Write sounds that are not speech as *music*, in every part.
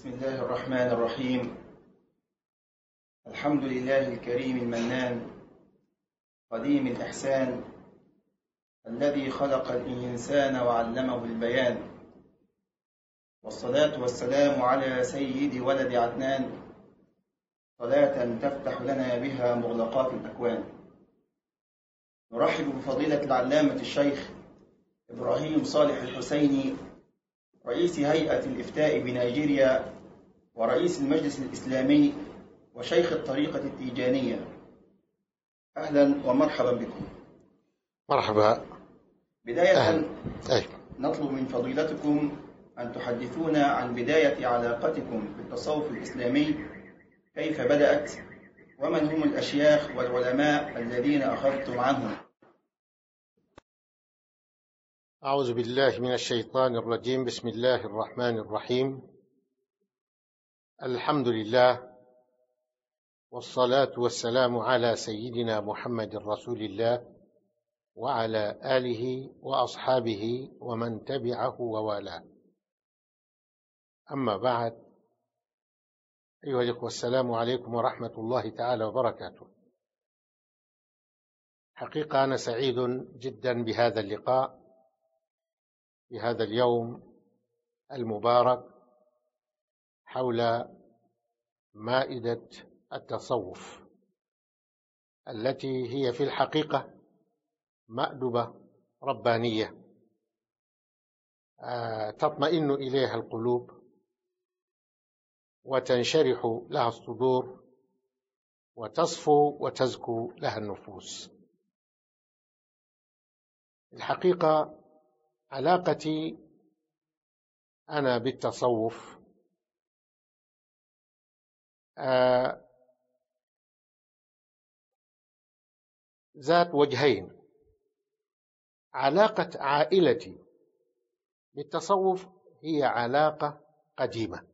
بسم الله الرحمن الرحيم الحمد لله الكريم المنان قديم الإحسان الذي خلق الإنسان وعلمه البيان والصلاة والسلام على سيد ولد عدنان صلاة تفتح لنا بها مغلقات الأكوان نرحب بفضيلة العلامة الشيخ إبراهيم صالح الحسيني رئيس هيئة الإفتاء بنيجيريا ورئيس المجلس الإسلامي وشيخ الطريقة التيجانية أهلا ومرحبا بكم مرحبا بداية أهل. أهل. نطلب من فضيلتكم أن تحدثونا عن بداية علاقتكم بالتصوف الإسلامي كيف بدأت ومن هم الأشياخ والعلماء الذين أخذتم عنهم أعوذ بالله من الشيطان الرجيم بسم الله الرحمن الرحيم الحمد لله والصلاة والسلام على سيدنا محمد رسول الله وعلى آله وأصحابه ومن تبعه ووالاه أما بعد أيها الإخوة السلام عليكم ورحمة الله تعالى وبركاته حقيقة أنا سعيد جدا بهذا اللقاء في هذا اليوم المبارك حول مائدة التصوف التي هي في الحقيقة مأدبة ربانية آه، تطمئن إليها القلوب وتنشرح لها الصدور وتصفو وتزكو لها النفوس الحقيقة علاقتي أنا بالتصوف آه، ذات وجهين علاقة عائلتي بالتصوف هي علاقة قديمة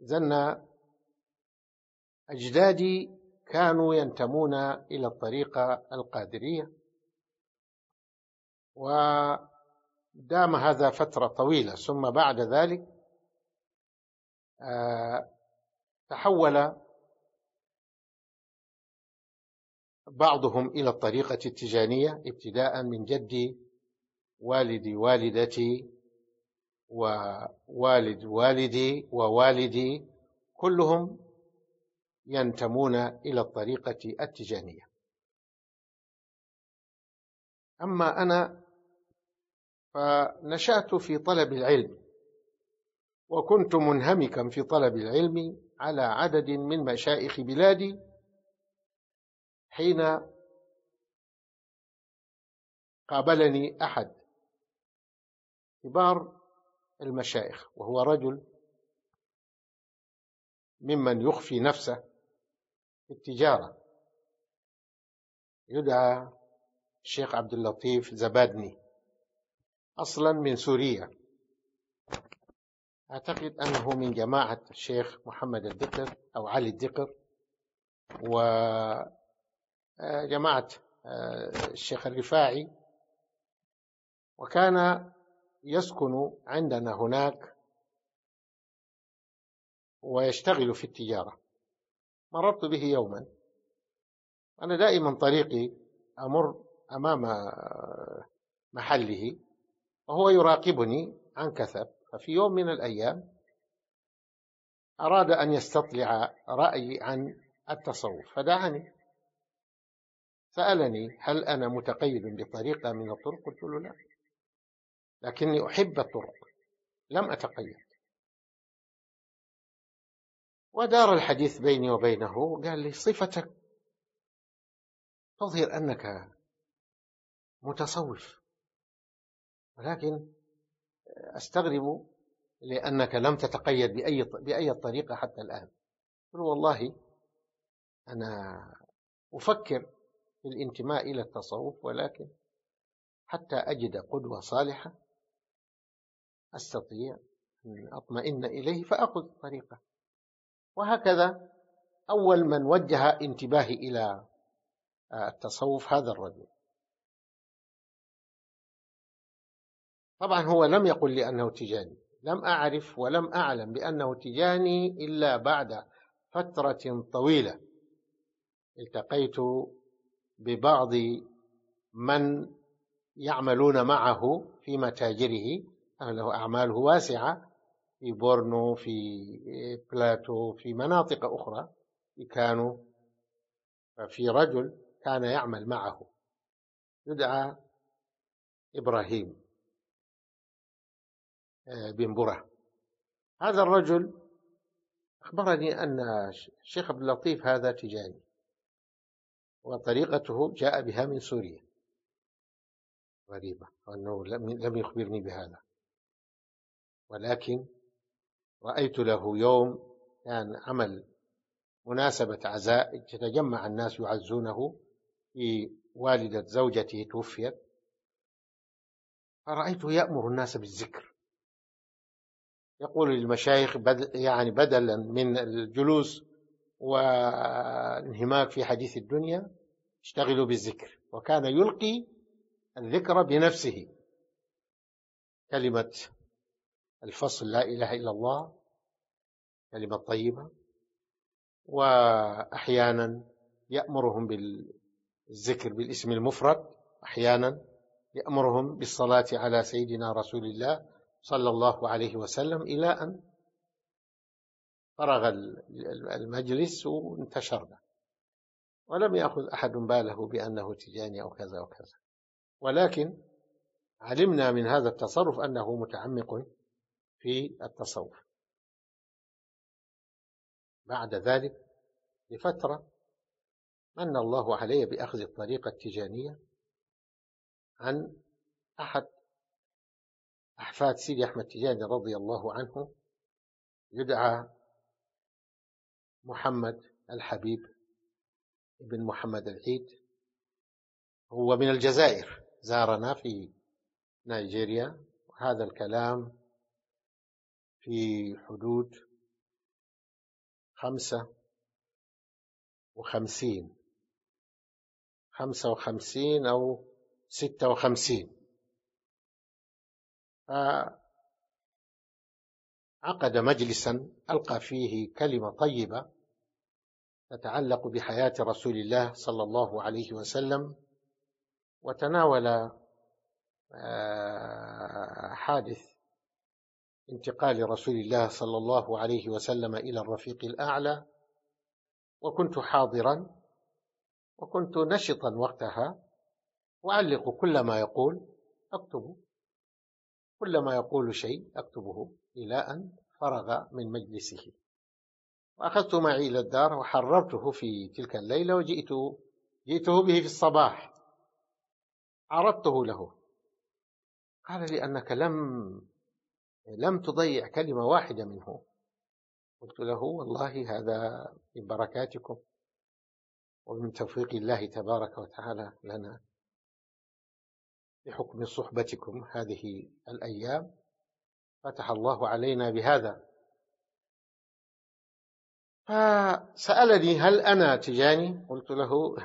زنا أجدادي كانوا ينتمون إلى الطريقة القادرية ودام هذا فترة طويلة ثم بعد ذلك آه، تحول بعضهم إلى الطريقة التجانية ابتداء من جدي والدي والدتي ووالد والدي ووالدي كلهم ينتمون إلى الطريقة التجانية أما أنا فنشأت في طلب العلم وكنت منهمكا في طلب العلم على عدد من مشايخ بلادي حين قابلني أحد كبار المشايخ وهو رجل ممن يخفي نفسه في التجارة يدعى الشيخ عبد اللطيف زبادني أصلا من سوريا أعتقد أنه من جماعة الشيخ محمد الدقر أو علي الدقر وجماعة آه، آه، الشيخ الرفاعي وكان يسكن عندنا هناك ويشتغل في التجارة مررت به يوما أنا دائما طريقي أمر أمام آه، محله وهو يراقبني عن كثب ففي يوم من الأيام أراد أن يستطلع رأيي عن التصوف فدعاني سألني هل أنا متقيد بطريقة من الطرق قلت له لا لكني أحب الطرق لم أتقيد ودار الحديث بيني وبينه قال لي صفتك تظهر أنك متصوف ولكن أستغرب لأنك لم تتقيد بأي بأي طريقة حتى الآن قل والله أنا أفكر في الانتماء إلى التصوف ولكن حتى أجد قدوة صالحة أستطيع أن أطمئن إليه فأخذ طريقة وهكذا أول من وجه انتباهي إلى آه، التصوف هذا الرجل طبعا هو لم يقل لي أنه تجاني لم أعرف ولم أعلم بأنه تجاني إلا بعد فترة طويلة التقيت ببعض من يعملون معه في متاجره له أعماله واسعة في بورنو في بلاتو في مناطق أخرى كانوا في رجل كان يعمل معه يدعى إبراهيم بن بره هذا الرجل أخبرني أن الشيخ عبد اللطيف هذا تجاري وطريقته جاء بها من سوريا غريبة وأنه لم يخبرني بهذا ولكن رأيت له يوم كان عمل مناسبة عزاء تتجمع الناس يعزونه في والدة زوجته توفيت فرأيته يأمر الناس بالذكر يقول للمشايخ بدل يعني بدلا من الجلوس والانهماك في حديث الدنيا اشتغلوا بالذكر وكان يلقي الذكر بنفسه كلمة الفصل لا إله إلا الله كلمة طيبة وأحيانا يأمرهم بالذكر بالاسم المفرد أحيانا يأمرهم بالصلاة على سيدنا رسول الله صلى الله عليه وسلم إلى أن فرغ المجلس وانتشرنا ولم يأخذ أحد باله بأنه تجاني أو كذا وكذا ولكن علمنا من هذا التصرف أنه متعمق في التصوف بعد ذلك لفترة من الله علي بأخذ الطريقة التجانية عن أحد أحفاد سيدي أحمد تجاني رضي الله عنه يدعى محمد الحبيب بن محمد العيد هو من الجزائر زارنا في نيجيريا هذا الكلام في حدود خمسة وخمسين خمسة وخمسين أو ستة وخمسين فعقد مجلسا ألقى فيه كلمة طيبة تتعلق بحياة رسول الله صلى الله عليه وسلم وتناول آه، حادث انتقال رسول الله صلى الله عليه وسلم إلى الرفيق الأعلى وكنت حاضرا وكنت نشطا وقتها أعلق كل ما يقول أكتب كلما يقول شيء أكتبه إلى أن فرغ من مجلسه وأخذت معي إلى الدار وحررته في تلك الليلة وجئت جئته به في الصباح عرضته له قال لي أنك لم لم تضيع كلمة واحدة منه قلت له والله هذا من بركاتكم ومن توفيق الله تبارك وتعالى لنا بحكم صحبتكم هذه الأيام فتح الله علينا بهذا فسألني هل أنا تجاني قلت له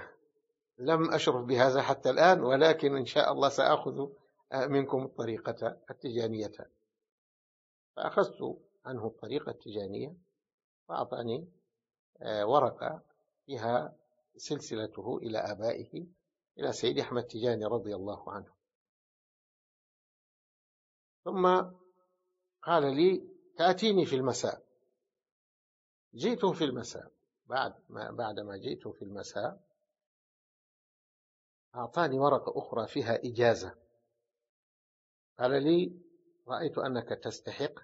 لم أشرف بهذا حتى الآن ولكن إن شاء الله سأخذ منكم الطريقة التجانية فأخذت عنه الطريقة التجانية فأعطاني آه، ورقة فيها سلسلته إلى آبائه إلى سيد أحمد تجاني رضي الله عنه ثم قال لي تأتيني في المساء جئت في المساء بعد ما بعد ما جئت في المساء أعطاني ورقة أخرى فيها إجازة قال لي رأيت أنك تستحق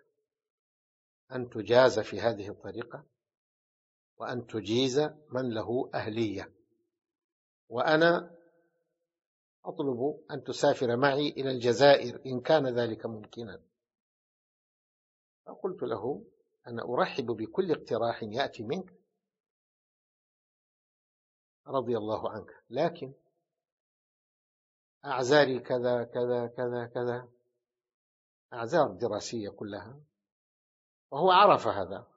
أن تجاز في هذه الطريقة وأن تجيز من له أهلية وأنا أطلب أن تسافر معي إلى الجزائر إن كان ذلك ممكنا فقلت له أنا أرحب بكل اقتراح يأتي منك رضي الله عنك لكن أعزاري كذا كذا كذا كذا أعزار دراسية كلها وهو عرف هذا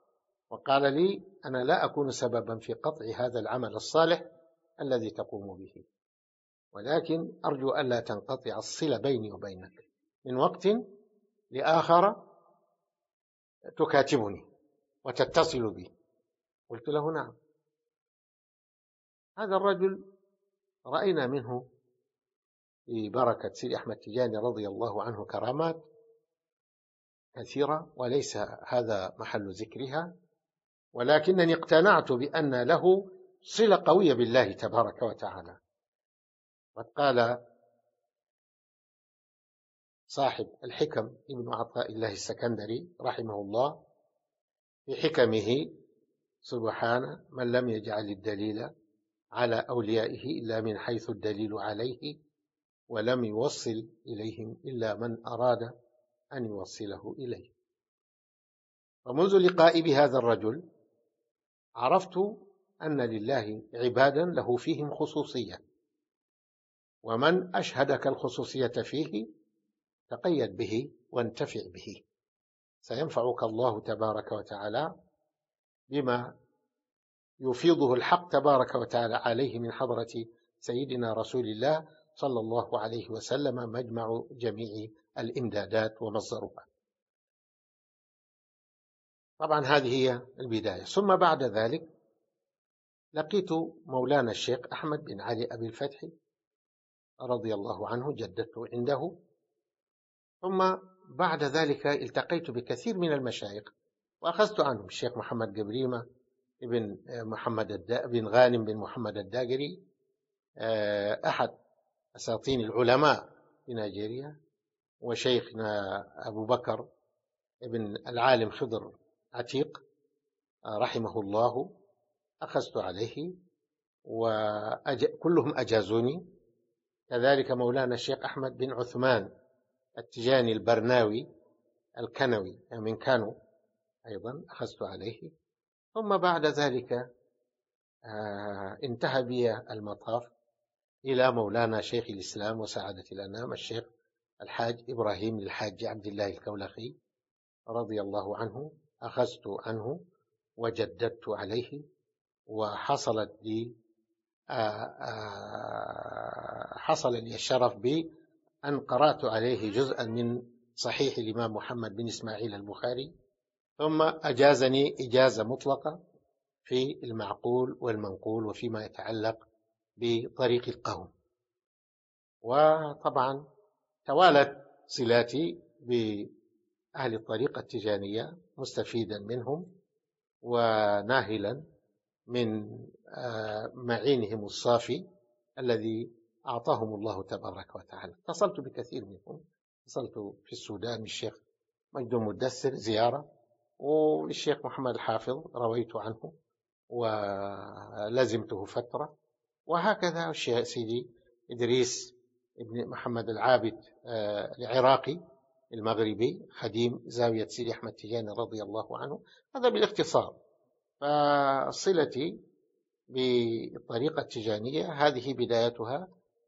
وقال لي أنا لا أكون سببا في قطع هذا العمل الصالح الذي تقوم به ولكن أرجو ألا تنقطع الصلة بيني وبينك من وقت لآخر تكاتبني وتتصل بي قلت له نعم هذا الرجل رأينا منه في بركة سيدي أحمد تجاني رضي الله عنه كرامات كثيرة وليس هذا محل ذكرها ولكنني اقتنعت بأن له صلة قوية بالله تبارك وتعالى قد قال صاحب الحكم ابن عطاء الله السكندري رحمه الله في حكمه سبحانه من لم يجعل الدليل على أوليائه إلا من حيث الدليل عليه ولم يوصل إليهم إلا من أراد أن يوصله إليه فمنذ لقائي بهذا الرجل عرفت أن لله عبادا له فيهم خصوصية ومن أشهدك الخصوصية فيه تقيد به وانتفع به سينفعك الله تبارك وتعالى بما يفيضه الحق تبارك وتعالى عليه من حضرة سيدنا رسول الله صلى الله عليه وسلم مجمع جميع الإمدادات ومصدرها طبعا هذه هي البداية ثم بعد ذلك لقيت مولانا الشيخ أحمد بن علي أبي الفتح رضي الله عنه جدته عنده ثم بعد ذلك التقيت بكثير من المشايخ وأخذت عنهم الشيخ محمد جبريمة بن محمد الدا بن غانم بن محمد الداجري آه، أحد أساطين العلماء في نيجيريا وشيخنا أبو بكر ابن العالم خضر عتيق آه، رحمه الله أخذت عليه وكلهم أجازوني كذلك مولانا الشيخ أحمد بن عثمان التجاني البرناوي الكنوي من كانو أيضا أخذت عليه ثم بعد ذلك آه، انتهى بي المطاف إلى مولانا شيخ الإسلام وسعادة الأنام الشيخ الحاج إبراهيم الحاج عبد الله الكولخي رضي الله عنه أخذت عنه وجددت عليه وحصلت لي آه، آه، حصلني الشرف بأن قرأت عليه جزءا من صحيح الإمام محمد بن إسماعيل البخاري ثم أجازني إجازة مطلقة في المعقول والمنقول وفيما يتعلق بطريق القوم وطبعا توالت صلاتي بأهل الطريقة التجانية مستفيدا منهم وناهلا من آه، معينهم الصافي الذي أعطاهم الله تبارك وتعالى اتصلت بكثير منهم اتصلت في السودان الشيخ مجد المدثر زيارة والشيخ محمد الحافظ رويت عنه ولزمته فترة وهكذا الشيخ سيدي إدريس ابن محمد العابد آه، العراقي المغربي خديم زاوية سيدي أحمد تيجاني رضي الله عنه هذا بالاختصار فصلتي بالطريقة التجانية هذه بدايتها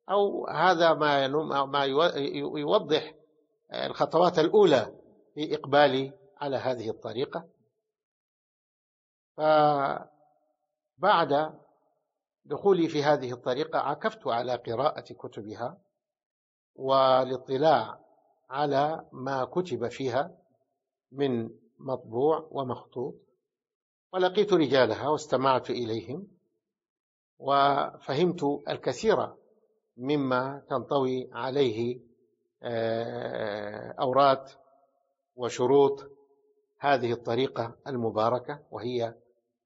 أو هذا ما ما يوضح الخطوات الأولى في إقبالي على هذه الطريقة فبعد دخولي في هذه الطريقة عكفت على قراءة كتبها والاطلاع على ما كتب فيها من مطبوع ومخطوط ولقيت رجالها واستمعت إليهم وفهمت الكثير مما تنطوي عليه آه، أوراد وشروط هذه الطريقة المباركة وهي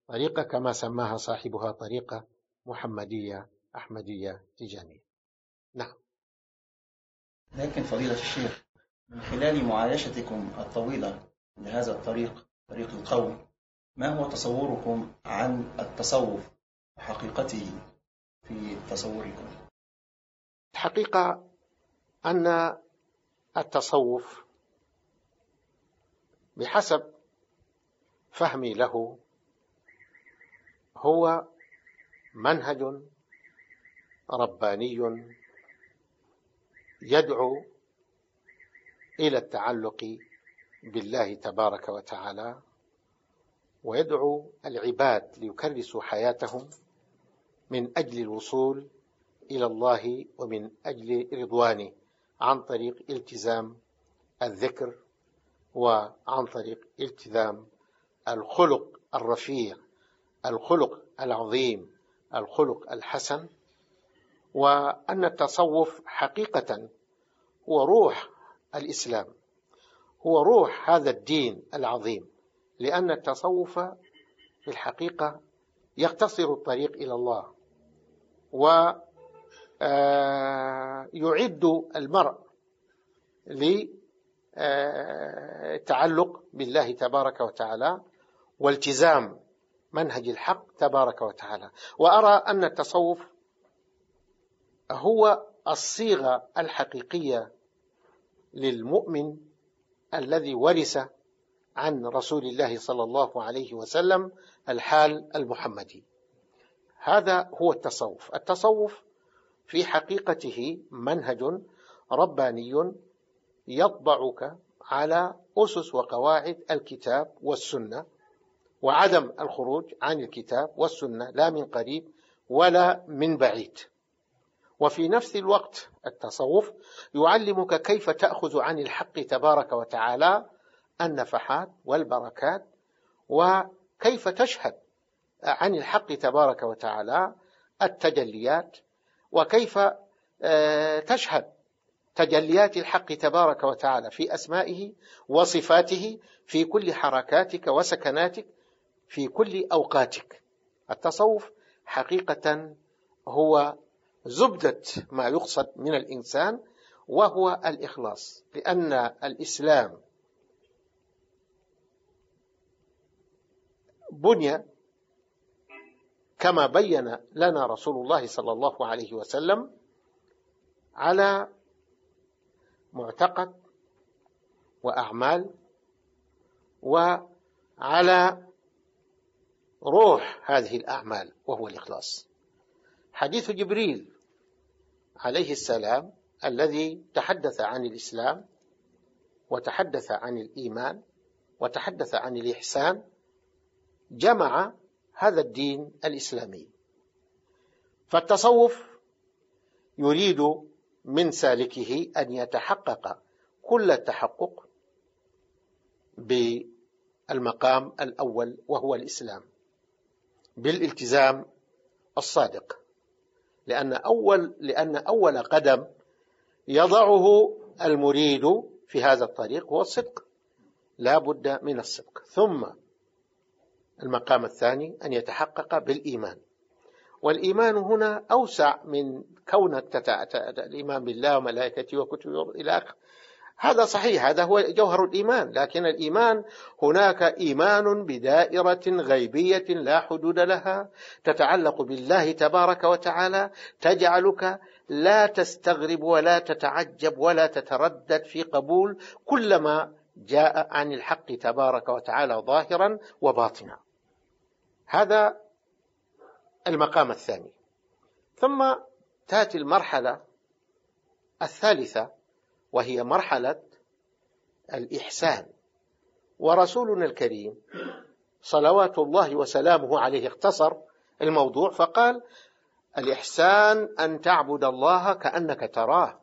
طريقة كما سماها صاحبها طريقة محمدية أحمدية تجانية نعم لكن فضيلة الشيخ من خلال معايشتكم الطويلة لهذا الطريق طريق القوم ما هو تصوركم عن التصوف وحقيقته في تصوركم الحقيقة أن التصوف بحسب فهمي له هو منهج رباني يدعو الى التعلق بالله تبارك وتعالى ويدعو العباد ليكرسوا حياتهم من أجل الوصول إلى الله ومن أجل رضوانه عن طريق التزام الذكر وعن طريق التزام الخلق الرفيع الخلق العظيم الخلق الحسن وأن التصوف حقيقة هو روح الإسلام هو روح هذا الدين العظيم لأن التصوف في الحقيقة يقتصر الطريق إلى الله ويعد آه، المرء للتعلق آه، بالله تبارك وتعالى والتزام منهج الحق تبارك وتعالى وأرى أن التصوف هو الصيغة الحقيقية للمؤمن الذي ورث عن رسول الله صلى الله عليه وسلم الحال المحمدي هذا هو التصوف التصوف في حقيقته منهج رباني يطبعك على أسس وقواعد الكتاب والسنة وعدم الخروج عن الكتاب والسنة لا من قريب ولا من بعيد وفي نفس الوقت التصوف يعلمك كيف تأخذ عن الحق تبارك وتعالى النفحات والبركات وكيف تشهد عن الحق تبارك وتعالى التجليات وكيف آه، تشهد تجليات الحق تبارك وتعالى في اسمائه وصفاته في كل حركاتك وسكناتك في كل اوقاتك التصوف حقيقه هو زبده ما يقصد من الانسان وهو الاخلاص لان الاسلام بني كما بين لنا رسول الله صلى الله عليه وسلم على معتقد وأعمال وعلى روح هذه الأعمال وهو الإخلاص حديث جبريل عليه السلام الذي تحدث عن الإسلام وتحدث عن الإيمان وتحدث عن الإحسان جمع هذا الدين الإسلامي فالتصوف يريد من سالكه أن يتحقق كل التحقق بالمقام الأول وهو الإسلام بالالتزام الصادق لأن أول لأن أول قدم يضعه المريد في هذا الطريق هو الصدق لا بد من الصدق ثم المقام الثاني أن يتحقق بالإيمان والإيمان هنا أوسع من كونك الإيمان بالله وملائكته وكتبه إلى آخره هذا صحيح هذا هو جوهر الإيمان لكن الإيمان هناك إيمان بدائرة غيبية لا حدود لها تتعلق بالله تبارك وتعالى تجعلك لا تستغرب ولا تتعجب ولا تتردد في قبول كل ما جاء عن الحق تبارك وتعالى ظاهرا وباطنا هذا المقام الثاني ثم تاتي المرحله الثالثه وهي مرحله الاحسان ورسولنا الكريم صلوات الله وسلامه عليه اختصر الموضوع فقال الإحسان أن تعبد الله كأنك تراه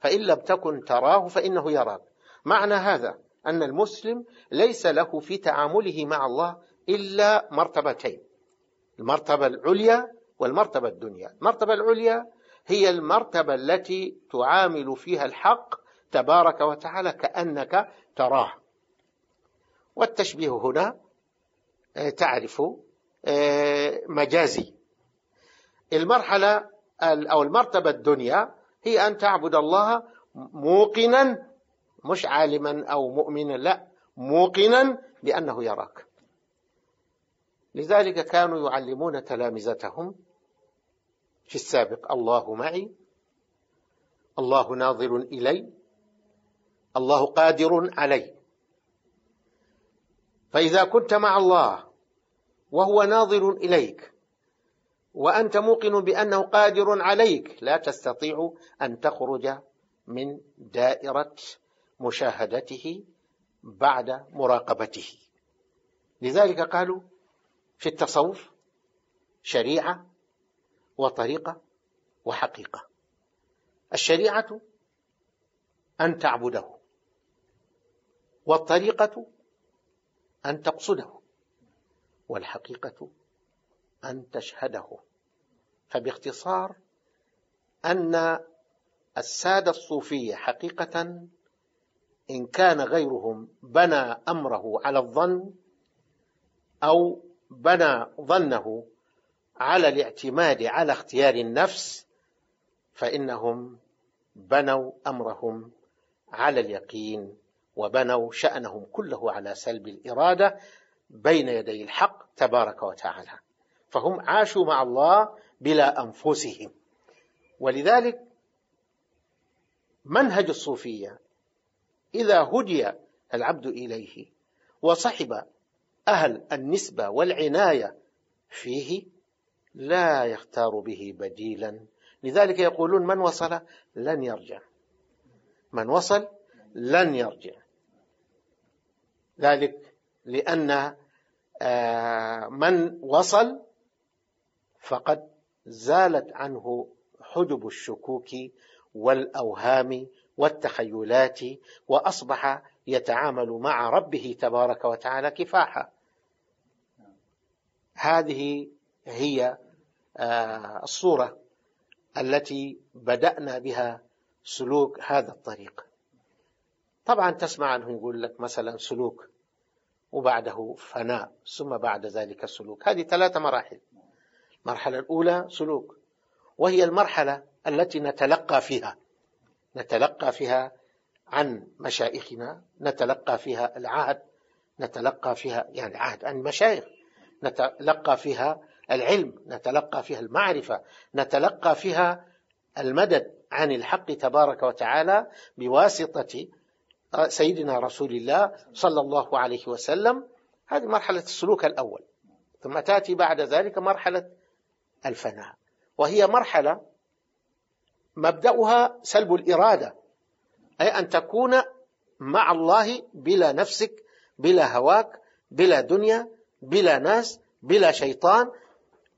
فإن لم تكن تراه فإنه يراك معنى هذا أن المسلم ليس له في تعامله مع الله إلا مرتبتين المرتبة العليا والمرتبة الدنيا المرتبة العليا هي المرتبة التي تعامل فيها الحق تبارك وتعالى كأنك تراه والتشبيه هنا آه، تعرف آه، مجازي المرحلة أو المرتبة الدنيا هي أن تعبد الله موقنا مش عالما أو مؤمنا لا موقنا بأنه يراك لذلك كانوا يعلمون تلامذتهم في السابق الله معي الله ناظر إلي الله قادر علي فإذا كنت مع الله وهو ناظر إليك وأنت موقن بأنه قادر عليك لا تستطيع أن تخرج من دائرة مشاهدته بعد مراقبته لذلك قالوا في التصوف شريعة وطريقة وحقيقة الشريعة أن تعبده والطريقة أن تقصده والحقيقة أن تشهده فباختصار أن السادة الصوفية حقيقة إن كان غيرهم بنى أمره على الظن أو بنى ظنه على الاعتماد على اختيار النفس فإنهم بنوا أمرهم على اليقين وبنوا شأنهم كله على سلب الإرادة بين يدي الحق تبارك وتعالى فهم عاشوا مع الله بلا أنفسهم ولذلك منهج الصوفية إذا هدي العبد إليه وصحب أهل النسبة والعناية فيه لا يختار به بديلا لذلك يقولون من وصل لن يرجع من وصل لن يرجع ذلك لأن آه، من وصل فقد زالت عنه حجب الشكوك والأوهام والتخيلات وأصبح يتعامل مع ربه تبارك وتعالى كفاحا هذه هي آه، الصورة التي بدأنا بها سلوك هذا الطريق طبعا تسمع عنه يقول لك مثلا سلوك وبعده فناء ثم بعد ذلك السلوك هذه ثلاثة مراحل المرحلة الأولى سلوك وهي المرحلة التي نتلقى فيها نتلقى فيها عن مشايخنا نتلقى فيها العهد نتلقى فيها يعني عهد عن المشايخ نتلقى فيها العلم نتلقى فيها المعرفة نتلقى فيها المدد عن الحق تبارك وتعالى بواسطة سيدنا رسول الله صلى الله عليه وسلم هذه مرحلة السلوك الأول ثم تأتي بعد ذلك مرحلة الفناء وهي مرحلة مبدأها سلب الإرادة أي أن تكون مع الله بلا نفسك بلا هواك بلا دنيا بلا ناس بلا شيطان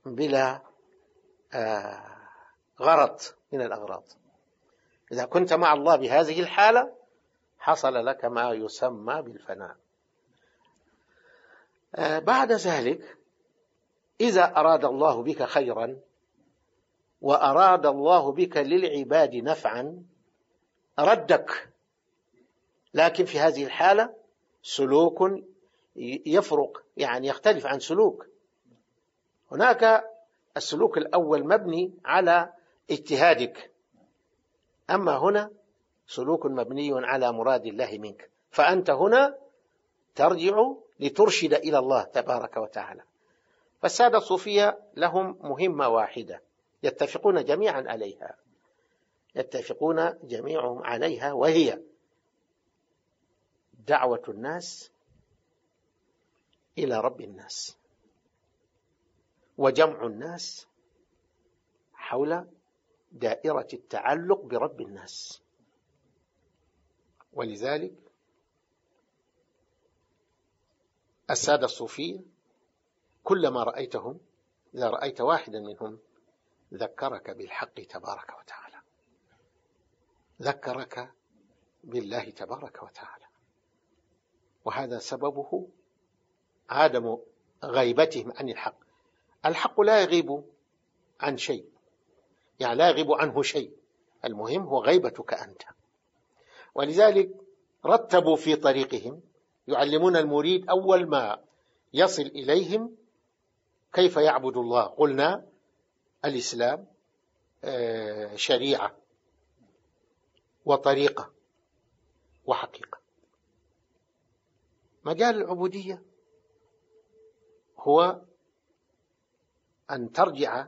بلا آه، غرض من الأغراض إذا كنت مع الله بهذه الحالة حصل لك ما يسمى بالفناء آه، بعد ذلك إذا أراد الله بك خيرا وأراد الله بك للعباد نفعا ردك لكن في هذه الحالة سلوك يفرق يعني يختلف عن سلوك هناك السلوك الأول مبني على اجتهادك أما هنا سلوك مبني على مراد الله منك فأنت هنا ترجع لترشد إلى الله تبارك وتعالى فالسادة الصوفية لهم مهمة واحدة يتفقون جميعا عليها يتفقون جميعهم عليها وهي دعوة الناس إلى رب الناس وجمع الناس حول دائرة التعلق برب الناس ولذلك السادة الصوفية كلما رأيتهم إذا رأيت واحدا منهم ذكرك بالحق تبارك وتعالى ذكرك بالله تبارك وتعالى وهذا سببه عدم غيبتهم عن الحق الحق لا يغيب عن شيء يعني لا يغيب عنه شيء المهم هو غيبتك أنت ولذلك رتبوا في طريقهم يعلمون المريد أول ما يصل إليهم كيف يعبد الله قلنا الإسلام آه، شريعة وطريقة وحقيقة مجال العبودية هو أن ترجع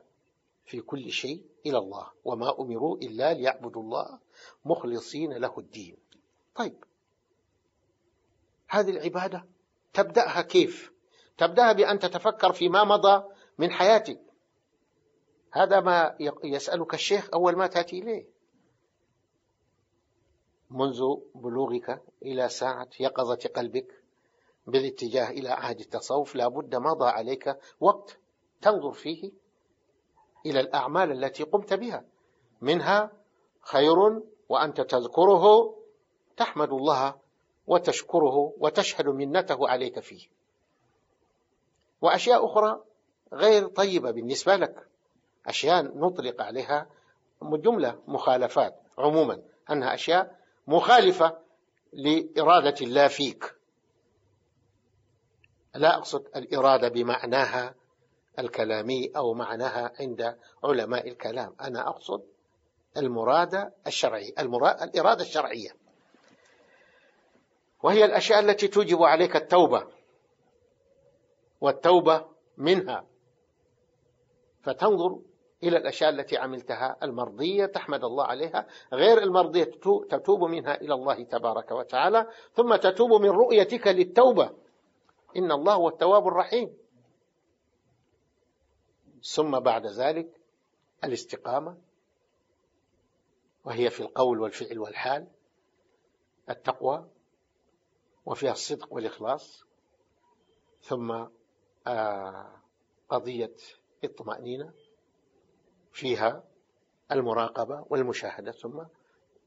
في كل شيء إلى الله وما أمروا إلا ليعبدوا الله مخلصين له الدين طيب هذه العبادة تبدأها كيف تبدأها بأن تتفكر فيما مضى من حياتك هذا ما يسألك الشيخ أول ما تأتي إليه منذ بلوغك إلى ساعة يقظة قلبك بالاتجاه إلى عهد التصوف لابد مضى عليك وقت تنظر فيه إلى الأعمال التي قمت بها منها خير وأنت تذكره تحمد الله وتشكره وتشهد منته عليك فيه وأشياء أخرى غير طيبة بالنسبة لك أشياء نطلق عليها جملة مخالفات عموما أنها أشياء مخالفة لإرادة الله فيك لا أقصد الإرادة بمعناها الكلامي أو معناها عند علماء الكلام أنا أقصد المراد الشرعي المراد الإرادة الشرعية وهي الأشياء التي توجب عليك التوبة والتوبة منها فتنظر إلى الأشياء التي عملتها المرضية تحمد الله عليها غير المرضية تتوب منها إلى الله تبارك وتعالى ثم تتوب من رؤيتك للتوبة إن الله هو التواب الرحيم ثم بعد ذلك الاستقامة وهي في القول والفعل والحال التقوى وفيها الصدق والإخلاص ثم آه، قضية الطمأنينة فيها المراقبة والمشاهدة ثم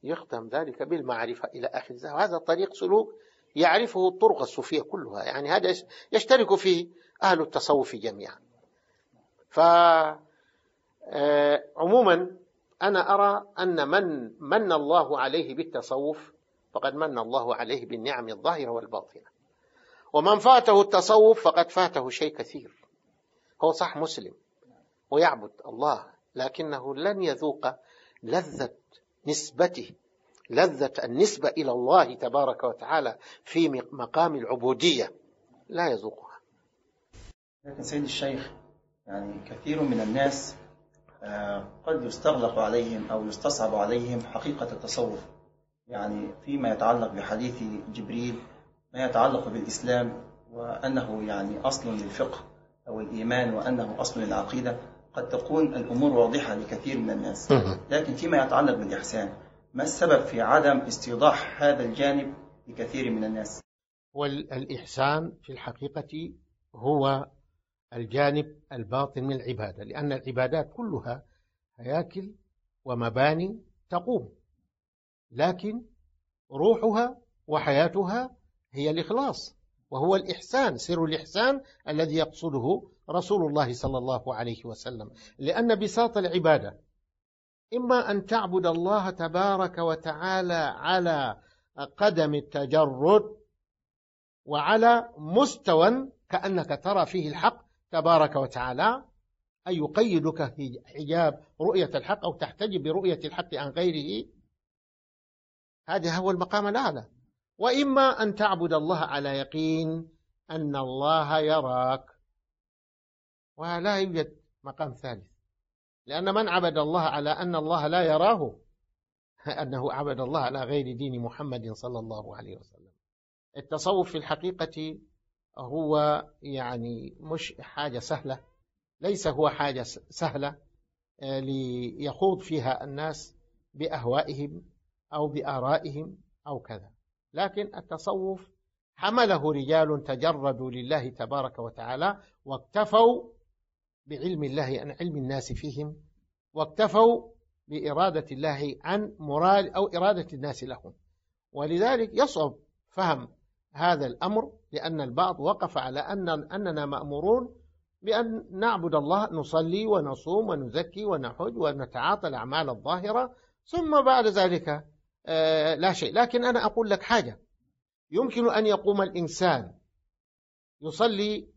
يختم ذلك بالمعرفة إلى آخر هذا طريق سلوك يعرفه الطرق الصوفية كلها يعني هذا يشترك فيه أهل التصوف جميعا ف آه، عموما أنا أرى أن من من الله عليه بالتصوف فقد من الله عليه بالنعم الظاهرة والباطنة ومن فاته التصوف فقد فاته شيء كثير هو صح مسلم ويعبد الله لكنه لن يذوق لذة نسبته لذة النسبة إلى الله تبارك وتعالى في مقام العبودية لا يذوقها لكن سيد الشيخ يعني كثير من الناس آه، قد يستغلق عليهم أو يستصعب عليهم حقيقة التصوف يعني فيما يتعلق بحديث جبريل ما يتعلق بالإسلام وأنه يعني أصل للفقه أو الإيمان وأنه أصل للعقيدة قد تكون الأمور واضحة لكثير من الناس لكن فيما يتعلق بالإحسان ما السبب في عدم استيضاح هذا الجانب لكثير من الناس والإحسان في الحقيقة هو الجانب الباطن من العبادة لأن العبادات كلها هياكل ومباني تقوم لكن روحها وحياتها هي الإخلاص وهو الإحسان سر الإحسان الذي يقصده رسول الله صلى الله عليه وسلم لأن بساط العبادة إما أن تعبد الله تبارك وتعالى على قدم التجرد وعلى مستوى كأنك ترى فيه الحق تبارك وتعالى أي يقيدك في حجاب رؤية الحق أو تحتجب برؤية الحق عن غيره هذا هو المقام الأعلى وإما أن تعبد الله على يقين أن الله يراك ولا يوجد مقام ثالث لأن من عبد الله على أن الله لا يراه *laughs* أنه عبد الله على غير دين محمد صلى الله عليه وسلم التصوف في الحقيقة هو يعني مش حاجة سهلة ليس هو حاجة سهلة آه، ليخوض فيها الناس بأهوائهم أو بآرائهم أو كذا لكن التصوف حمله رجال تجردوا لله تبارك وتعالى واكتفوا بعلم الله عن يعني علم الناس فيهم واكتفوا بإرادة الله عن مراد أو إرادة الناس لهم ولذلك يصعب فهم هذا الأمر لأن البعض وقف على أن أننا مأمورون بأن نعبد الله نصلي ونصوم ونزكي ونحج ونتعاطى الأعمال الظاهرة ثم بعد ذلك آه، لا شيء لكن أنا أقول لك حاجة يمكن أن يقوم الإنسان يصلي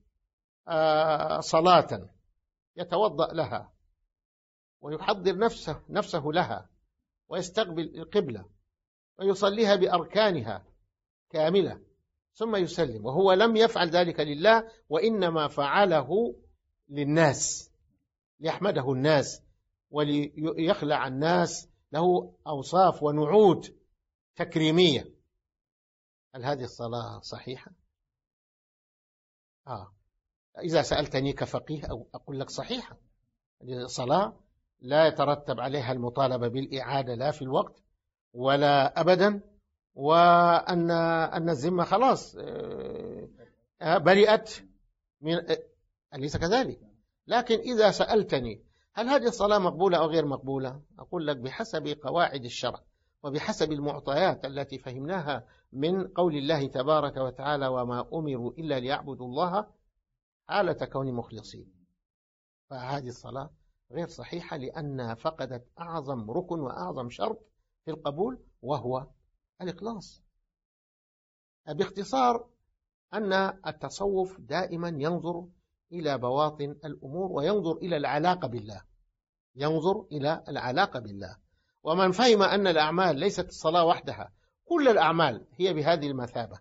آه، صلاة يتوضأ لها ويحضر نفسه نفسه لها ويستقبل القبلة ويصليها بأركانها كاملة ثم يسلم وهو لم يفعل ذلك لله وإنما فعله للناس ليحمده الناس وليخلع الناس له أوصاف ونعود تكريمية هل هذه الصلاة صحيحة؟ آه إذا سألتني كفقيه أو أقول لك صحيحة صلاة لا يترتب عليها المطالبة بالإعادة لا في الوقت ولا أبدا وأن أن الذمة خلاص آه، آه، برئت من آه، أليس كذلك لكن إذا سألتني هل هذه الصلاة مقبولة أو غير مقبولة أقول لك بحسب قواعد الشرع وبحسب المعطيات التي فهمناها من قول الله تبارك وتعالى وما أمروا إلا ليعبدوا الله حالة كون مخلصين فهذه الصلاة غير صحيحة لأنها فقدت أعظم ركن وأعظم شرط في القبول وهو الإخلاص باختصار أن التصوف دائما ينظر إلى بواطن الأمور وينظر إلى العلاقة بالله ينظر إلى العلاقة بالله ومن فهم أن الأعمال ليست الصلاة وحدها كل الأعمال هي بهذه المثابة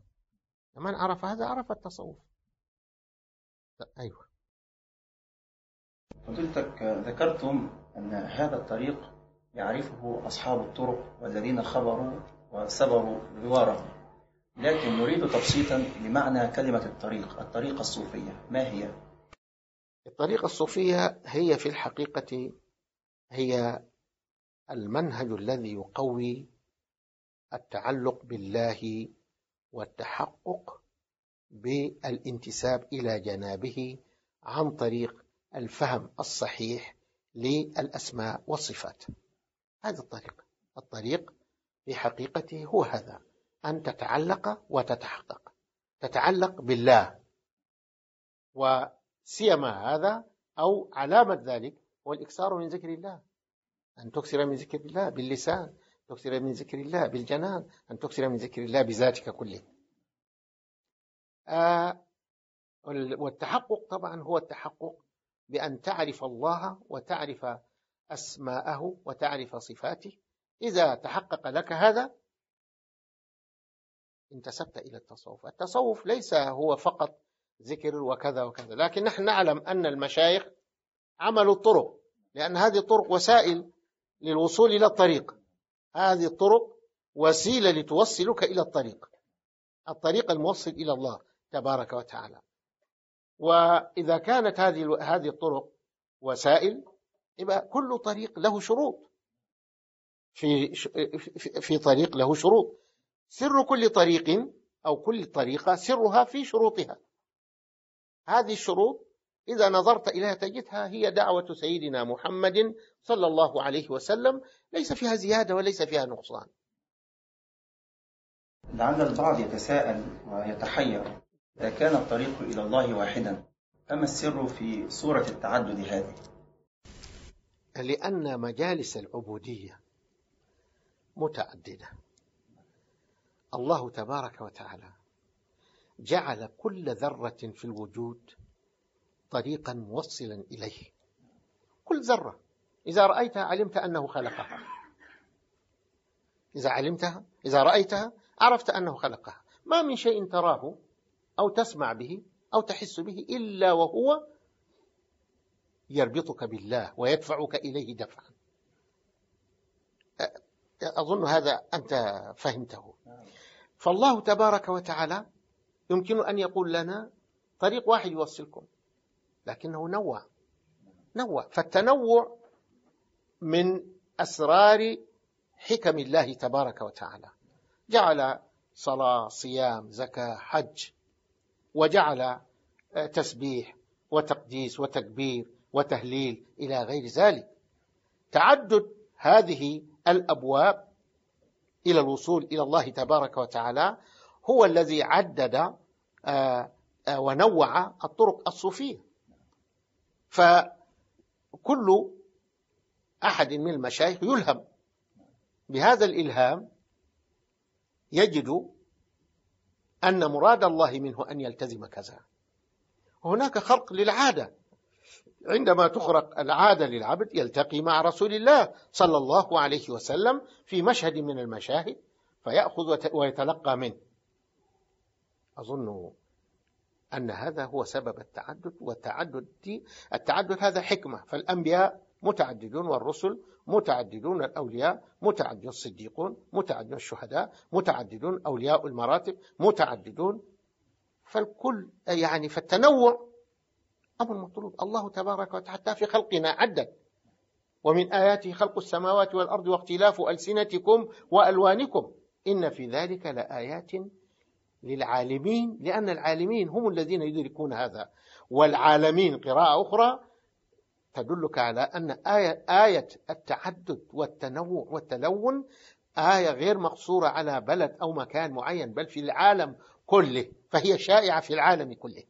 من عرف هذا عرف التصوف أيوه فضيلتك ذكرتم أن هذا الطريق يعرفه أصحاب الطرق والذين خبروا وسبروا جواره لكن نريد تبسيطا لمعنى كلمة الطريق الطريقة الصوفية ما هي؟ الطريقة الصوفية هي في الحقيقة هي المنهج الذي يقوي التعلق بالله والتحقق بالانتساب إلى جنابه عن طريق الفهم الصحيح للأسماء والصفات هذا الطريق الطريق في حقيقته هو هذا أن تتعلق وتتحقق تتعلق بالله وسيما هذا أو علامة ذلك هو الإكثار من ذكر الله أن تكثر من ذكر الله باللسان تكثر من ذكر الله بالجنان أن تكثر من ذكر الله بذاتك كله آه، والتحقق طبعا هو التحقق بأن تعرف الله وتعرف أسماءه وتعرف صفاته إذا تحقق لك هذا انتسبت إلى التصوف التصوف ليس هو فقط ذكر وكذا وكذا لكن نحن نعلم أن المشايخ عملوا الطرق لأن هذه الطرق وسائل للوصول إلى الطريق هذه الطرق وسيلة لتوصلك إلى الطريق الطريق الموصل إلى الله تبارك وتعالى وإذا كانت هذه هذه الطرق وسائل يبقى كل طريق له شروط في في طريق له شروط سر كل طريق أو كل طريقة سرها في شروطها هذه الشروط إذا نظرت إليها تجدها هي دعوة سيدنا محمد صلى الله عليه وسلم ليس فيها زيادة وليس فيها نقصان لعل البعض يتساءل ويتحير إذا كان الطريق إلى الله واحدا فما السر في صورة التعدد هذه؟ لأن مجالس العبودية متعددة الله تبارك وتعالى جعل كل ذرة في الوجود طريقا موصلا إليه كل ذرة إذا رأيتها علمت أنه خلقها إذا علمتها إذا رأيتها عرفت أنه خلقها ما من شيء تراه أو تسمع به أو تحس به إلا وهو يربطك بالله ويدفعك إليه دفعا أظن هذا أنت فهمته فالله تبارك وتعالى يمكن أن يقول لنا طريق واحد يوصلكم لكنه نوع نوع فالتنوع من أسرار حكم الله تبارك وتعالى جعل صلاة صيام زكاة حج وجعل آه، تسبيح وتقديس وتكبير وتهليل إلى غير ذلك تعدد هذه الأبواب إلى الوصول إلى الله تبارك وتعالى هو الذي عدد آه، آه، ونوع الطرق الصوفية فكل أحد من المشايخ يلهم بهذا الإلهام يجد أن مراد الله منه أن يلتزم كذا هناك خرق للعادة عندما تخرق العادة للعبد يلتقي مع رسول الله صلى الله عليه وسلم في مشهد من المشاهد فيأخذ ويتلقى منه أظن أن هذا هو سبب التعدد والتعدد التعدد هذا حكمة فالأنبياء متعددون والرسل متعددون الأولياء متعددون الصديقون متعددون الشهداء متعددون أولياء المراتب متعددون فالكل يعني فالتنوع أمر مطلوب الله تبارك وتعالى حتى في خلقنا عدد ومن آياته خلق السماوات والأرض واختلاف ألسنتكم وألوانكم إن في ذلك لآيات للعالمين لأن العالمين هم الذين يدركون هذا والعالمين قراءة أخرى تدلك على أن آية, آية التعدد والتنوع والتلون آية غير مقصورة على بلد أو مكان معين بل في العالم كله فهي شائعة في العالم كله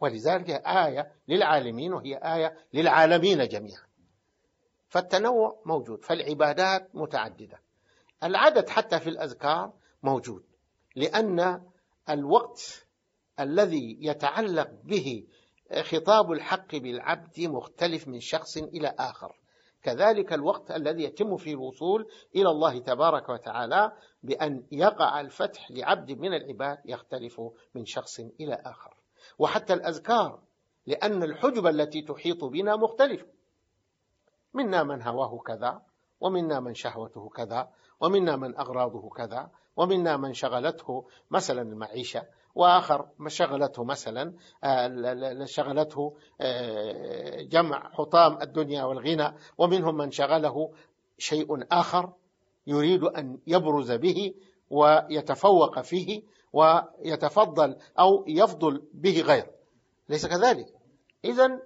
ولذلك آية للعالمين وهي آية للعالمين جميعا فالتنوع موجود فالعبادات متعددة العدد حتى في الأذكار موجود لأن الوقت الذي يتعلق به خطاب الحق بالعبد مختلف من شخص إلى آخر كذلك الوقت الذي يتم فيه الوصول إلى الله تبارك وتعالى بأن يقع الفتح لعبد من العباد يختلف من شخص إلى آخر وحتى الأذكار لأن الحجب التي تحيط بنا مختلفة منا من هواه كذا ومنا من شهوته كذا ومنا من أغراضه كذا ومنا من شغلته مثلا المعيشة وآخر آه، شغلته مثلا شغلته جمع حطام الدنيا والغنى ومنهم من شغله شيء آخر يريد أن يبرز به ويتفوق فيه ويتفضل أو يفضل به غيره ليس كذلك إذا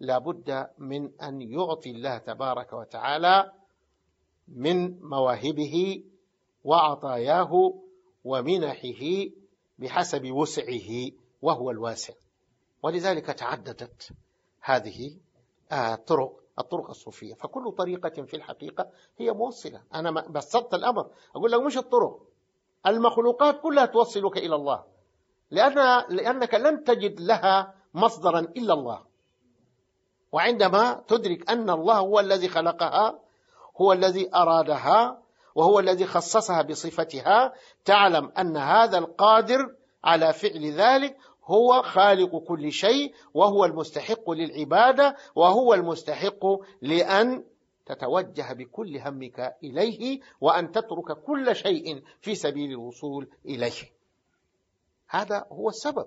لابد من أن يعطي الله تبارك وتعالى من مواهبه وعطاياه ومنحه بحسب وسعه وهو الواسع ولذلك تعددت هذه الطرق آه، الطرق الصوفية فكل طريقة في الحقيقة هي موصلة أنا بسطت الأمر أقول لك مش الطرق المخلوقات كلها توصلك إلى الله لأن لأنك لن تجد لها مصدرا إلا الله وعندما تدرك أن الله هو الذي خلقها هو الذي أرادها وهو الذي خصصها بصفتها تعلم أن هذا القادر على فعل ذلك هو خالق كل شيء وهو المستحق للعبادة وهو المستحق لأن تتوجه بكل همك إليه وأن تترك كل شيء في سبيل الوصول إليه هذا هو السبب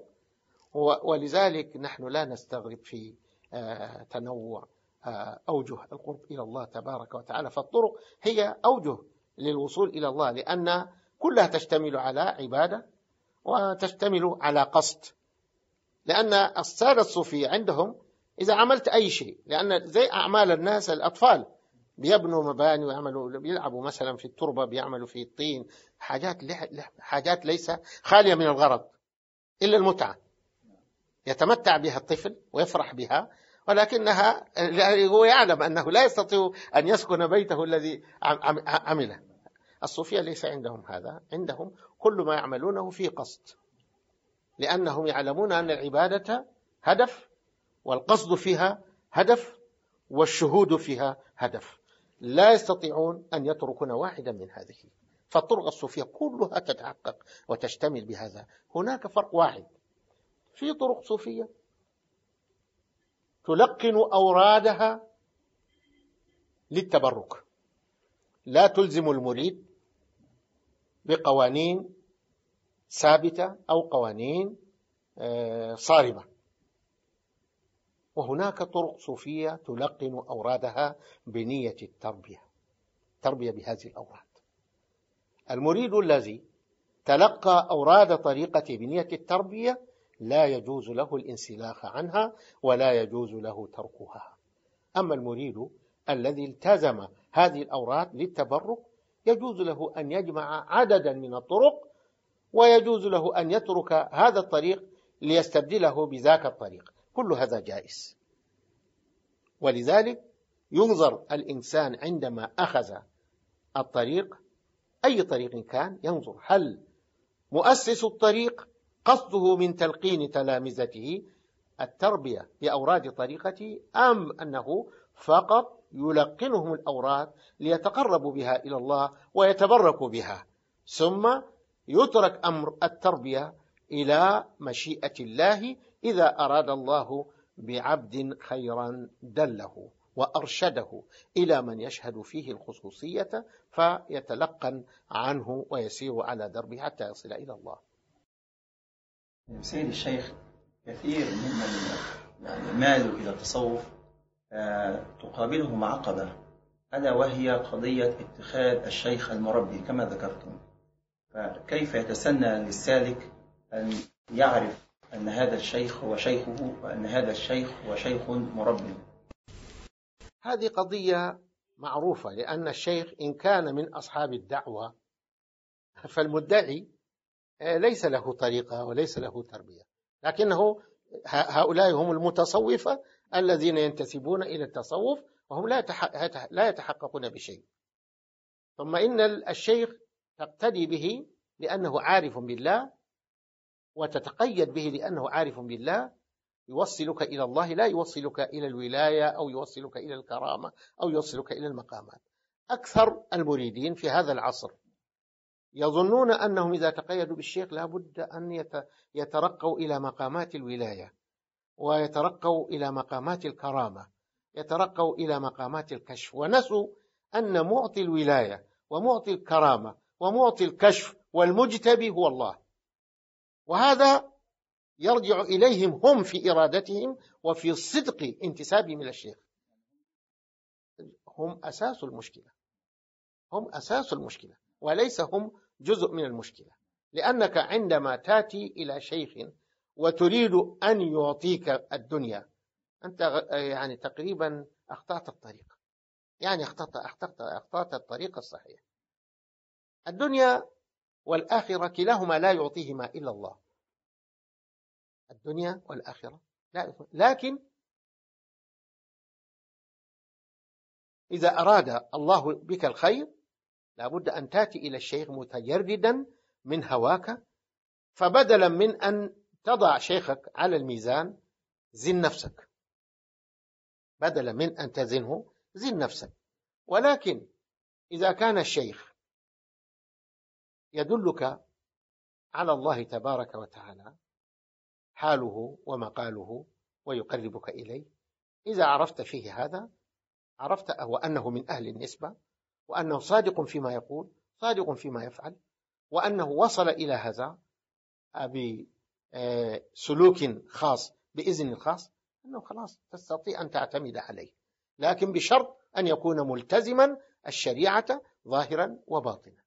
ولذلك نحن لا نستغرب في آه، تنوع آه، أوجه القرب إلى الله تبارك وتعالى فالطرق هي أوجه للوصول إلى الله لأن كلها تشتمل على عبادة وتشتمل على قصد لأن السادة الصوفية عندهم إذا عملت أي شيء لأن زي أعمال الناس الأطفال بيبنوا مباني ويعملوا بيلعبوا مثلا في التربة بيعملوا في الطين حاجات حاجات ليس خالية من الغرض إلا المتعة يتمتع بها الطفل ويفرح بها ولكنها هو يعلم أنه لا يستطيع أن يسكن بيته الذي عمله الصوفية ليس عندهم هذا عندهم كل ما يعملونه في قصد لأنهم يعلمون أن العبادة هدف والقصد فيها هدف والشهود فيها هدف لا يستطيعون أن يتركون واحدا من هذه فالطرق الصوفية كلها تتحقق وتشتمل بهذا هناك فرق واحد في طرق صوفية تلقن أورادها للتبرك لا تلزم المريد بقوانين ثابتة أو قوانين آه، صارمة وهناك طرق صوفية تلقن أورادها بنية التربية تربية بهذه الأوراد المريد الذي تلقى أوراد طريقة بنية التربية لا يجوز له الانسلاخ عنها ولا يجوز له تركها أما المريد الذي التزم هذه الأوراق للتبرك يجوز له أن يجمع عددا من الطرق ويجوز له أن يترك هذا الطريق ليستبدله بذاك الطريق كل هذا جائز ولذلك ينظر الإنسان عندما أخذ الطريق أي طريق كان ينظر هل مؤسس الطريق قصده من تلقين تلامذته التربية بأوراد طريقته أم أنه فقط يلقنهم الأوراد ليتقربوا بها إلى الله ويتبركوا بها ثم يترك أمر التربية إلى مشيئة الله إذا أراد الله بعبد خيرا دله وأرشده إلى من يشهد فيه الخصوصية فيتلقن عنه ويسير على دربه حتى يصل إلى الله سيد الشيخ كثير ممن يعني مالوا إلى التصوف آه، تقابلهم عقبة ألا وهي قضية اتخاذ الشيخ المربي كما ذكرتم فكيف يتسنى للسالك أن يعرف أن هذا الشيخ هو شيخه وأن هذا الشيخ هو شيخ مربي هذه قضية معروفة لأن الشيخ إن كان من أصحاب الدعوة فالمدعي آه، ليس له طريقة وليس له تربية لكنه هؤلاء هم المتصوفة الذين ينتسبون إلى التصوف وهم لا لا يتحققون بشيء ثم إن الشيخ تقتدي به لأنه عارف بالله وتتقيد به لأنه عارف بالله يوصلك إلى الله لا يوصلك إلى الولاية أو يوصلك إلى الكرامة أو يوصلك إلى المقامات أكثر المريدين في هذا العصر يظنون أنهم إذا تقيدوا بالشيخ لابد أن يترقوا إلى مقامات الولاية ويترقوا إلى مقامات الكرامة يترقوا إلى مقامات الكشف ونسوا أن معطي الولاية ومعطي الكرامة ومعطي الكشف والمجتبي هو الله وهذا يرجع إليهم هم في إرادتهم وفي صدق انتسابهم إلى الشيخ هم أساس المشكلة هم أساس المشكلة وليس هم جزء من المشكلة لأنك عندما تأتي إلى شيخ وتريد أن يعطيك الدنيا أنت يعني تقريبا أخطأت الطريق يعني أخطأت أخطأت أخطأت الطريق الصحيح الدنيا والآخرة كلاهما لا يعطيهما إلا الله الدنيا والآخرة لا لكن إذا أراد الله بك الخير لابد أن تأتي إلى الشيخ متجردا من هواك فبدلا من أن تضع شيخك على الميزان زن نفسك بدلا من أن تزنه زن نفسك ولكن إذا كان الشيخ يدلك على الله تبارك وتعالى حاله ومقاله ويقربك إليه إذا عرفت فيه هذا عرفت أنه من أهل النسبة وأنه صادق فيما يقول صادق فيما يفعل وأنه وصل إلى هذا بسلوك خاص بإذن خاص أنه خلاص تستطيع أن تعتمد عليه لكن بشرط أن يكون ملتزما الشريعة ظاهرا وباطنا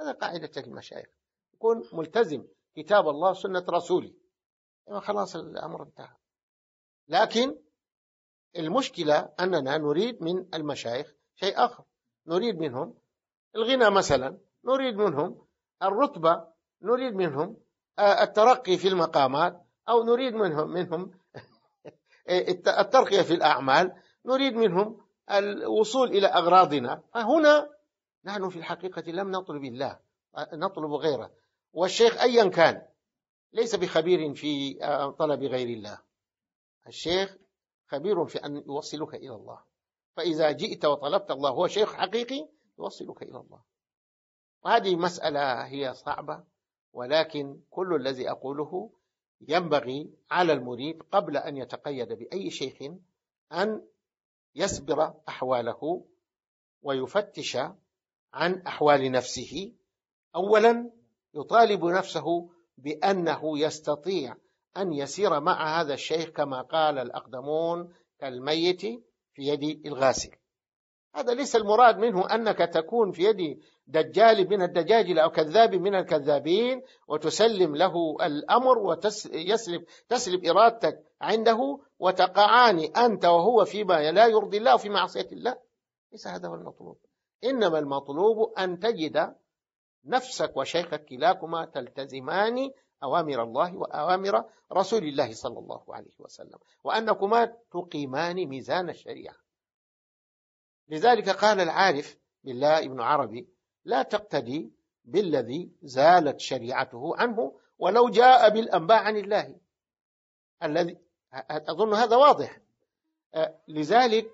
هذا قاعدة المشايخ يكون ملتزم كتاب الله سنة رسوله خلاص الأمر انتهى لكن المشكلة أننا نريد من المشايخ شيء آخر نريد منهم الغنى مثلا نريد منهم الرتبة نريد منهم آه، الترقي في المقامات أو نريد منهم منهم *laughs* إيه، الترقية في الأعمال نريد منهم الوصول إلى أغراضنا فهنا نحن في الحقيقة لم نطلب الله نطلب غيره والشيخ أيا كان ليس بخبير في آه، طلب غير الله الشيخ خبير في أن يوصلك إلى الله فإذا جئت وطلبت الله هو شيخ حقيقي يوصلك إلى الله وهذه مسألة هي صعبة ولكن كل الذي أقوله ينبغي على المريد قبل أن يتقيد بأي شيخ أن يسبر أحواله ويفتش عن أحوال نفسه أولا يطالب نفسه بأنه يستطيع أن يسير مع هذا الشيخ كما قال الأقدمون كالميت في يد الغاسل هذا ليس المراد منه أنك تكون في يد دجال من الدجاجل أو كذاب من الكذابين وتسلم له الأمر وتسلب تسلب إرادتك عنده وتقعان أنت وهو فيما لا يرضي الله وفي معصية الله ليس هذا هو المطلوب إنما المطلوب أن تجد نفسك وشيخك كلاكما تلتزمان أوامر الله وأوامر رسول الله صلى الله عليه وسلم وأنكما تقيمان ميزان الشريعة لذلك قال العارف بالله ابن عربي لا تقتدي بالذي زالت شريعته عنه ولو جاء بالأنباء عن الله الذي أظن هذا واضح أه، لذلك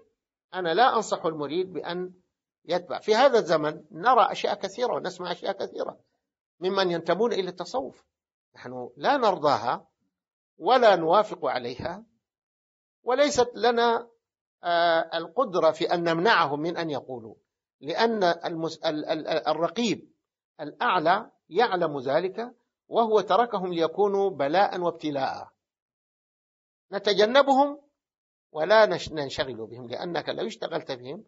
أنا لا أنصح المريد بأن يتبع في هذا الزمن نرى أشياء كثيرة ونسمع أشياء كثيرة ممن ينتمون إلى التصوف نحن لا نرضاها ولا نوافق عليها وليست لنا آه، القدرة في أن نمنعهم من أن يقولوا لأن المس... الرقيب الأعلى يعلم ذلك وهو تركهم ليكونوا بلاء وابتلاء نتجنبهم ولا ننشغل بهم لأنك لو اشتغلت بهم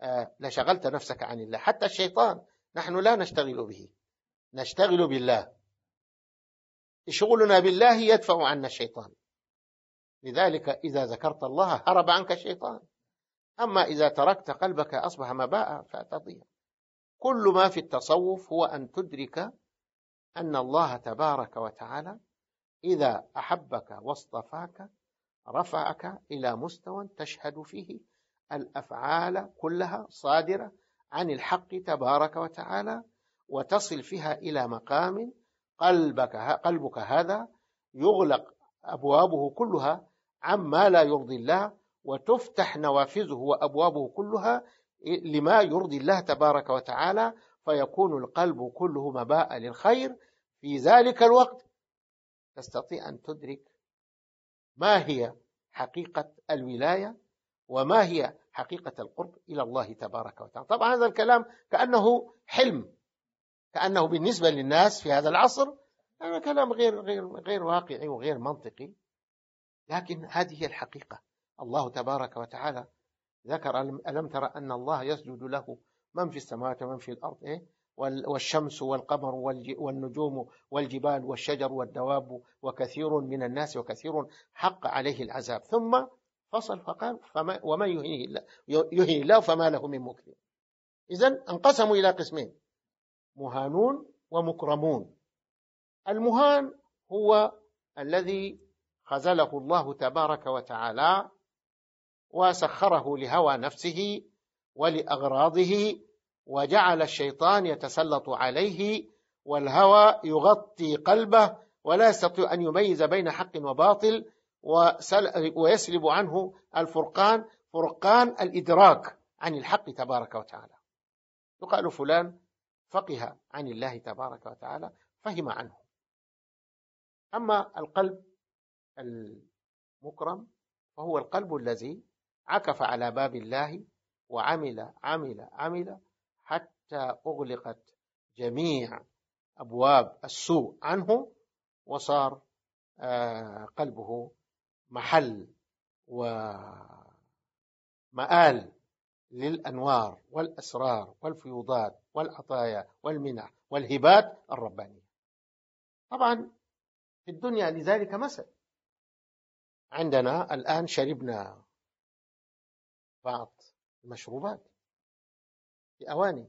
آه، لشغلت نفسك عن الله حتى الشيطان نحن لا نشتغل به نشتغل بالله شغلنا بالله يدفع عنا الشيطان لذلك إذا ذكرت الله هرب عنك الشيطان أما إذا تركت قلبك أصبح مباء فتضيع كل ما في التصوف هو أن تدرك أن الله تبارك وتعالى إذا أحبك واصطفاك رفعك إلى مستوى تشهد فيه الأفعال كلها صادرة عن الحق تبارك وتعالى وتصل فيها إلى مقام قلبك قلبك هذا يغلق أبوابه كلها عما لا يرضي الله وتفتح نوافذه وأبوابه كلها لما يرضي الله تبارك وتعالى فيكون القلب كله مباء للخير في ذلك الوقت تستطيع أن تدرك ما هي حقيقة الولاية وما هي حقيقة القرب إلى الله تبارك وتعالى طبعا هذا الكلام كأنه حلم كأنه بالنسبة للناس في هذا العصر هذا كلام غير غير غير واقعي وغير منطقي لكن هذه هي الحقيقة الله تبارك وتعالى ذكر ألم ترى أن الله يسجد له من في السماوات ومن في الأرض إيه؟ والشمس والقمر والنجوم والجبال والشجر والدواب وكثير من الناس وكثير حق عليه العذاب ثم فصل فقال فما ومن يهين الله, يهيه الله فما له من مكرم إذا انقسموا إلى قسمين مهانون ومكرمون المهان هو الذي خزله الله تبارك وتعالى وسخره لهوى نفسه ولاغراضه وجعل الشيطان يتسلط عليه والهوى يغطي قلبه ولا يستطيع ان يميز بين حق وباطل ويسلب عنه الفرقان فرقان الادراك عن الحق تبارك وتعالى يقال فلان فقه عن الله تبارك وتعالى فهم عنه أما القلب المكرم فهو القلب الذي عكف على باب الله وعمل عمل عمل حتى أغلقت جميع أبواب السوء عنه وصار آه، قلبه محل ومآل للأنوار والأسرار والفيوضات والعطايا والمنح والهبات الربانية طبعا في الدنيا لذلك مثل عندنا الآن شربنا بعض المشروبات في أواني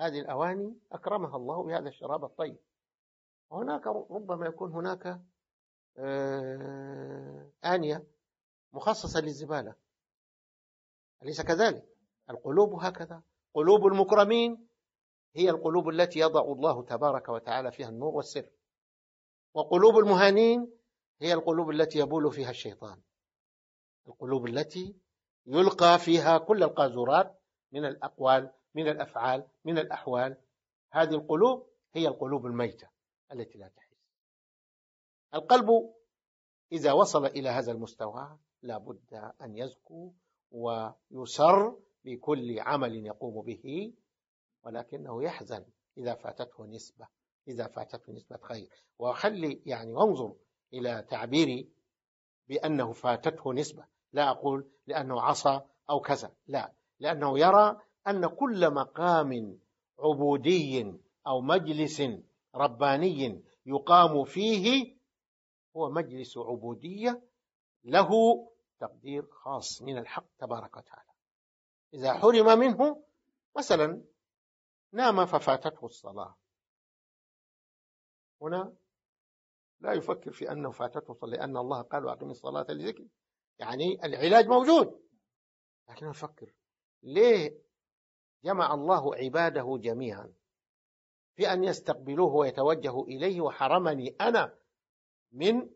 هذه الأواني أكرمها الله بهذا الشراب الطيب وهناك ربما يكون هناك آه، آنية مخصصة للزبالة أليس كذلك؟ القلوب هكذا قلوب المكرمين هي القلوب التي يضع الله تبارك وتعالى فيها النور والسر وقلوب المهانين هي القلوب التي يبول فيها الشيطان القلوب التي يلقى فيها كل القاذورات من الأقوال من الأفعال من الأحوال هذه القلوب هي القلوب الميتة التي لا تحس القلب إذا وصل إلى هذا المستوى لابد أن يزكو ويسر بكل عمل يقوم به ولكنه يحزن إذا فاتته نسبة إذا فاتته نسبة خير وخلي يعني وانظر إلى تعبيري بأنه فاتته نسبة لا أقول لأنه عصى أو كذا لا لأنه يرى أن كل مقام عبودي أو مجلس رباني يقام فيه هو مجلس عبودية له تقدير خاص من الحق تبارك وتعالى إذا حرم منه مثلا نام ففاتته الصلاة هنا لا يفكر في أنه فاتته الصلاة لأن الله قال وأقم الصلاة لذكري يعني العلاج موجود لكن نفكر ليه جمع الله عباده جميعا في أن يستقبلوه ويتوجهوا إليه وحرمني أنا من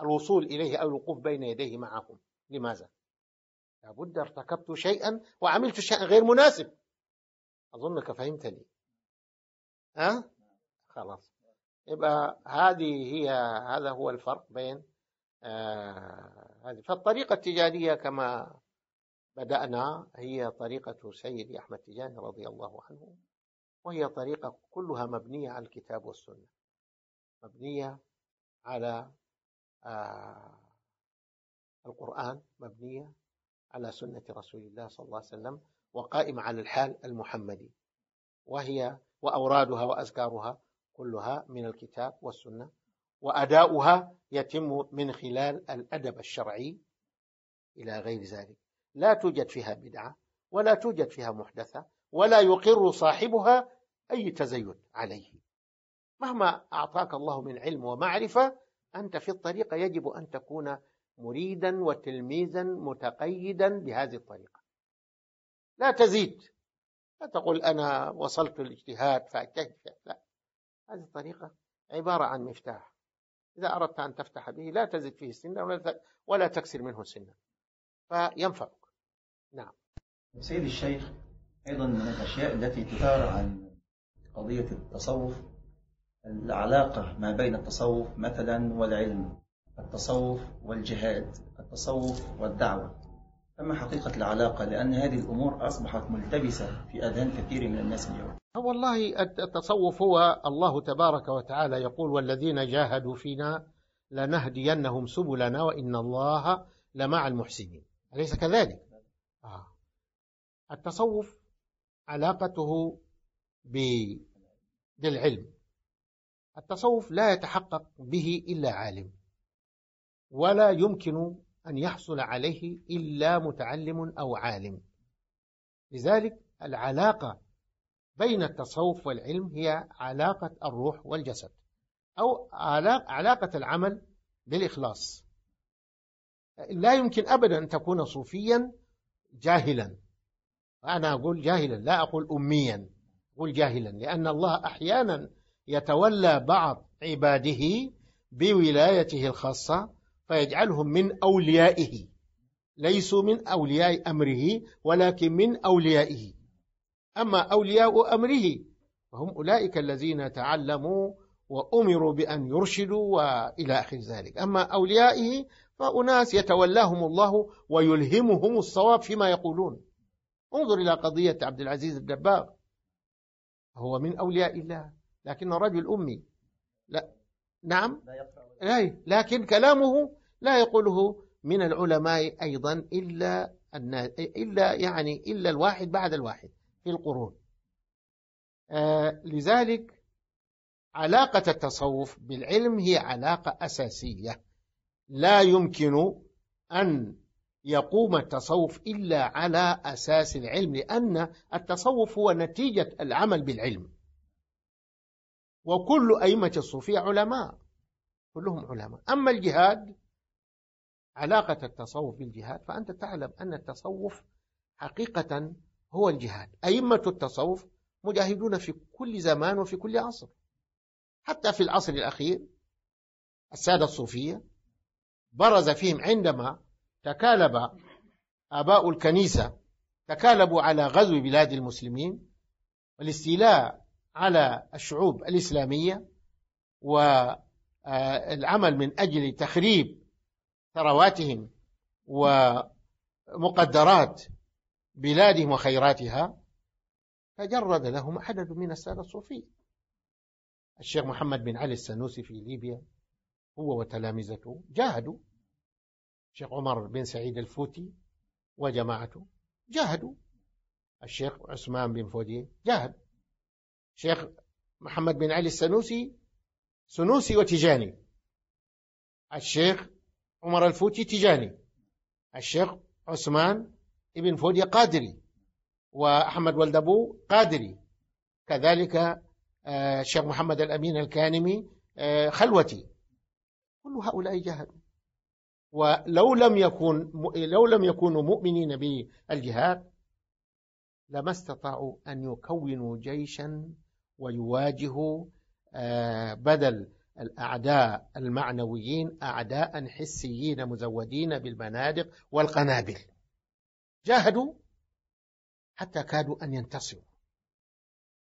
الوصول إليه أو الوقوف بين يديه معهم لماذا؟ لابد ارتكبت شيئا وعملت شيئا غير مناسب أظنك فهمتني ها أه؟ خلاص يبقى هذه هي هذا هو الفرق بين آه، هذه آه فالطريقة التجارية كما بدأنا هي طريقة سيدي أحمد تجاني رضي الله عنه وهي طريقة كلها مبنية على الكتاب والسنة مبنية على آه القرآن مبنية على سنة رسول الله صلى الله عليه وسلم وقائمة على الحال المحمدي وهي وأورادها وأذكارها كلها من الكتاب والسنة وأداؤها يتم من خلال الأدب الشرعي إلى غير ذلك لا توجد فيها بدعة ولا توجد فيها محدثة ولا يقر صاحبها أي تزيد عليه مهما أعطاك الله من علم ومعرفة أنت في الطريقة يجب أن تكون مريدا وتلميذا متقيدا بهذه الطريقة لا تزيد لا تقول أنا وصلت الاجتهاد فأكتشف لا هذه الطريقة عبارة عن مفتاح إذا أردت أن تفتح به لا تزد فيه سنا ولا تكسر منه سنا فينفعك نعم سيد الشيخ أيضا من الأشياء التي تثار عن قضية التصوف العلاقة ما بين التصوف مثلا والعلم التصوف والجهاد التصوف والدعوة أما حقيقة العلاقة لأن هذه الأمور أصبحت ملتبسة في أذهان كثير من الناس اليوم والله التصوف هو الله تبارك وتعالى يقول والذين جاهدوا فينا لنهدينهم سبلنا وإن الله لمع المحسنين أليس كذلك؟ آه. التصوف علاقته بالعلم التصوف لا يتحقق به إلا عالم ولا يمكن أن يحصل عليه إلا متعلم أو عالم لذلك العلاقة بين التصوف والعلم هي علاقة الروح والجسد أو علاقة العمل بالإخلاص لا يمكن أبدا أن تكون صوفيا جاهلا وأنا أقول جاهلا لا أقول أميا أقول جاهلا لأن الله أحيانا يتولى بعض عباده بولايته الخاصة فيجعلهم من أوليائه ليسوا من أولياء أمره ولكن من أوليائه أما أولياء أمره فهم أولئك الذين تعلموا وأمروا بأن يرشدوا وإلى آخر ذلك أما أوليائه فأناس يتولاهم الله ويلهمهم الصواب فيما يقولون انظر إلى قضية عبد العزيز الدباغ هو من أولياء الله لكن رجل أمي لا نعم لا لكن كلامه لا يقوله من العلماء أيضا إلا إلا يعني إلا الواحد بعد الواحد في القرون آه، لذلك علاقة التصوف بالعلم هي علاقة أساسية لا يمكن أن يقوم التصوف إلا على أساس العلم لأن التصوف هو نتيجة العمل بالعلم وكل أئمة الصوفية علماء كلهم علماء أما الجهاد علاقة التصوف بالجهاد فأنت تعلم أن التصوف حقيقة هو الجهاد أئمة التصوف مجاهدون في كل زمان وفي كل عصر حتى في العصر الأخير السادة الصوفية برز فيهم عندما تكالب آباء الكنيسة تكالبوا على غزو بلاد المسلمين والاستيلاء على الشعوب الإسلامية والعمل من أجل تخريب ثرواتهم ومقدرات بلادهم وخيراتها تجرد لهم عدد من السادة الصوفية الشيخ محمد بن علي السنوسي في ليبيا هو وتلامذته جاهدوا الشيخ عمر بن سعيد الفوتي وجماعته جاهدوا الشيخ عثمان بن فودي جاهد الشيخ محمد بن علي السنوسي سنوسي وتجاني الشيخ عمر الفوتي تجاني الشيخ عثمان ابن فوديا قادري وأحمد ولد أبو قادري كذلك آه، الشيخ محمد الأمين الكانمي آه، خلوتي كل هؤلاء جهلوا ولو لم يكون لو لم يكونوا مؤمنين بالجهاد لما استطاعوا أن يكونوا جيشا ويواجهوا آه، بدل الأعداء المعنويين أعداء حسيين مزودين بالبنادق والقنابل جاهدوا حتى كادوا أن ينتصروا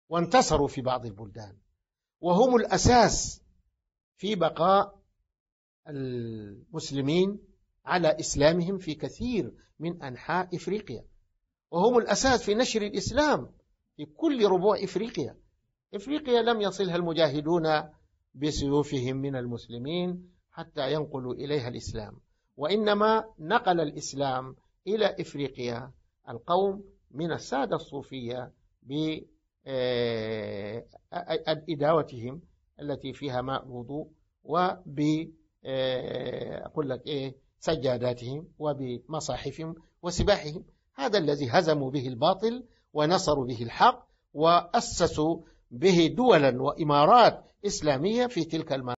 وانتصروا في بعض البلدان وهم الأساس في بقاء المسلمين على إسلامهم في كثير من أنحاء إفريقيا وهم الأساس في نشر الإسلام في كل ربوع إفريقيا إفريقيا لم يصلها المجاهدون بسيوفهم من المسلمين حتى ينقلوا إليها الإسلام وإنما نقل الإسلام إلى إفريقيا القوم من السادة الصوفية بإداوتهم آه، التي فيها ماء وضوء وب آه، أقول لك إيه سجاداتهم وبمصاحفهم وسباحهم هذا الذي هزموا به الباطل ونصروا به الحق وأسسوا به دولا وإمارات إسلامية في تلك المناطق